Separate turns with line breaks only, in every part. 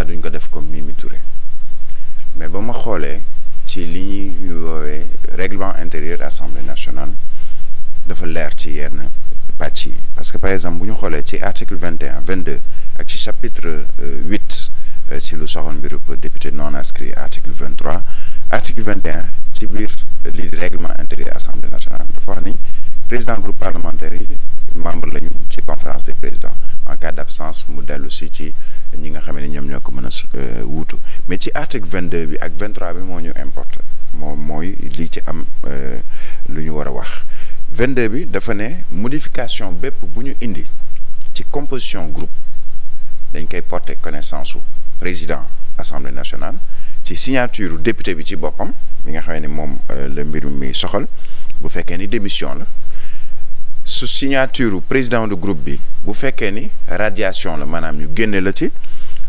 waaye duñ ko def comme Mimi ture mais ba ma xoolee ci li ñuy woowee règlement intérieur assemblée nationale dafa leer ci yenn pàcc yi parce que par exemple bu ñu xoolee ci article vingt et vingt deux ak ci chapitre euh, huit euh, ci lu soxoon mbirub député non inscrit article vingt trois article vingt et un ci biir li règlement intérieur assemblée nationale dafa wax ni président groupe parlementaire yi membre lañu ci conférence des présidents. en cas d' absence mu dellu si ci ñi nga xam ne ñoom ñoo ko mën a euh, wuutu mais ci article vingt deux bi ak vingt bi moo ñu importe moom mooy lii ci am euh, lu ñu war a wax vingt bi dafa ne modification bépp bu ñu indi ci composition groupe dañ koy porter connaissance su président assemblée nationale ci signature député bi ci boppam bi nga xam ne moom euh, la mbir mi soxal bu fekkee ni démission la. su signature président du groupe bi bu fekkee ni radiation la maanaam ñu génnee la ci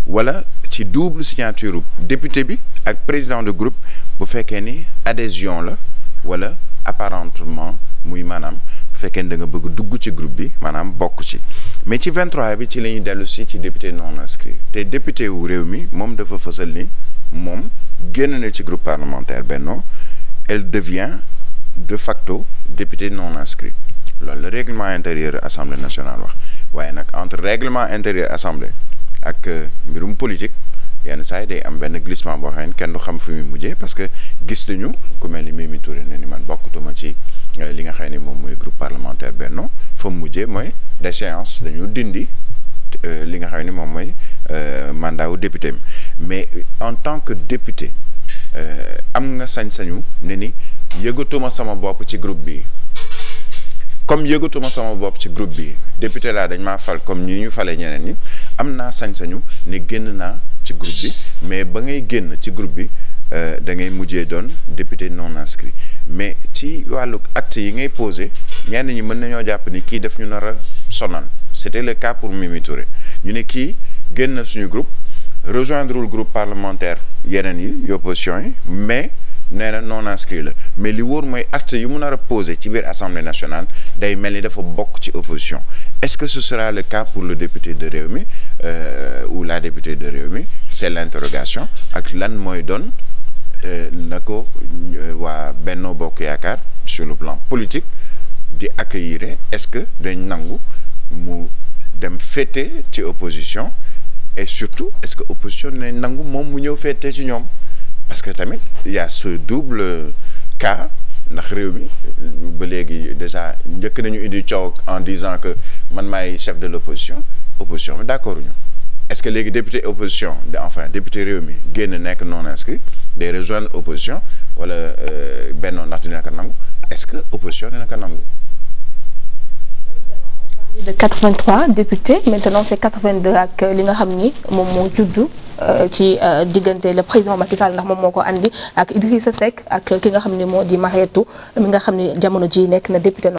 wala ci double signature député bi ak président du groupe bu fekkee ni adhésion la wala apparentement muy maanaam bu fekkee ni da nga bëgg dugg ci groupe bi maanaam bokk ci mais ci 23 bi ci la ñuy dellu ci député non inscrit te député wu réew mi moom dafa fësal ni moom génn na ci groupe parlementaire Benno elle devient de facto député non inscrit loolu la règlement intérieur assemblée nationale wax waaye nag entre règlement intérieur assemblée ak euh, mbirum politique yenn saa yi day am benn glissement boo xam ne kenn du xam fu muy mujjee parce que gis nañu ku mel ni Mimi Touré ne ni man bokkutuma ci euh, li nga xam ni moom mooy groupe parlementaire Benno fa mujjee mooy déchéance dañu dindi euh, li nga xam ni moom mooy mandat wu député mais en tant que député am nga sañ-sañu ne ni yëgatuma sama bokk ci groupe bi comme yëgatuma sama bopp ci groupe bi député laa dañ maa fal comme ñi ñu fale ñeneen ñi am naa sañ-sañu ni génn naa ci groupe bi mais ba ngay génn ci groupe bi euh, da ngay mujjee doon député non inscrit mais ci wàllu act yi ngay posé ñenn ñi mën nañoo jàpp ni kii def ñu nar a sonal c'était le cas pour Mimi Touré ñu ne kii génn suñu groupe rejoindre groupe parlementaire yeneen yi opposition yi mais nee na non inscrit la mais li wóor mooy acte yi mu nar a posé ci biir assemblée nationale day mel ni dafa bokk ci opposition est-ce que ce sera le cas pour le député de Rewmi euh, ou la députée de Rewmi c'est l'interrogation ak lan mooy doon na euh, ko euh, waa Benno Bokk Yaakaar sur le plan politique di accueillir est-ce que dañ nangu mu dem féete ci opposition et surtout et ce que opposition nañ nangu moom mu ñëw féete ci ñoom parce que tamit il y a ce double cas ndax réew mi ba léegi déjà njëkk nañu indi coow en disant que man maay chef de l'opposition opposition bi d'accord ñu est-ce que léegi député opposition enfin député réew mi génn nekk non inscrit day rejoindre opposition wala euh, Benno ndax dina ko nangu est-ce que opposition dina naka nangu de 83 députés maintenant c'est 82 ak li nga xam ni moom moo juddu euh, ci euh, diggante le président Macky Sall ndax moom moo ko andi ak Idrissa Seck ak ki nga xam ni moo di Marietou mi nga xam ni jamono ji nekk na député.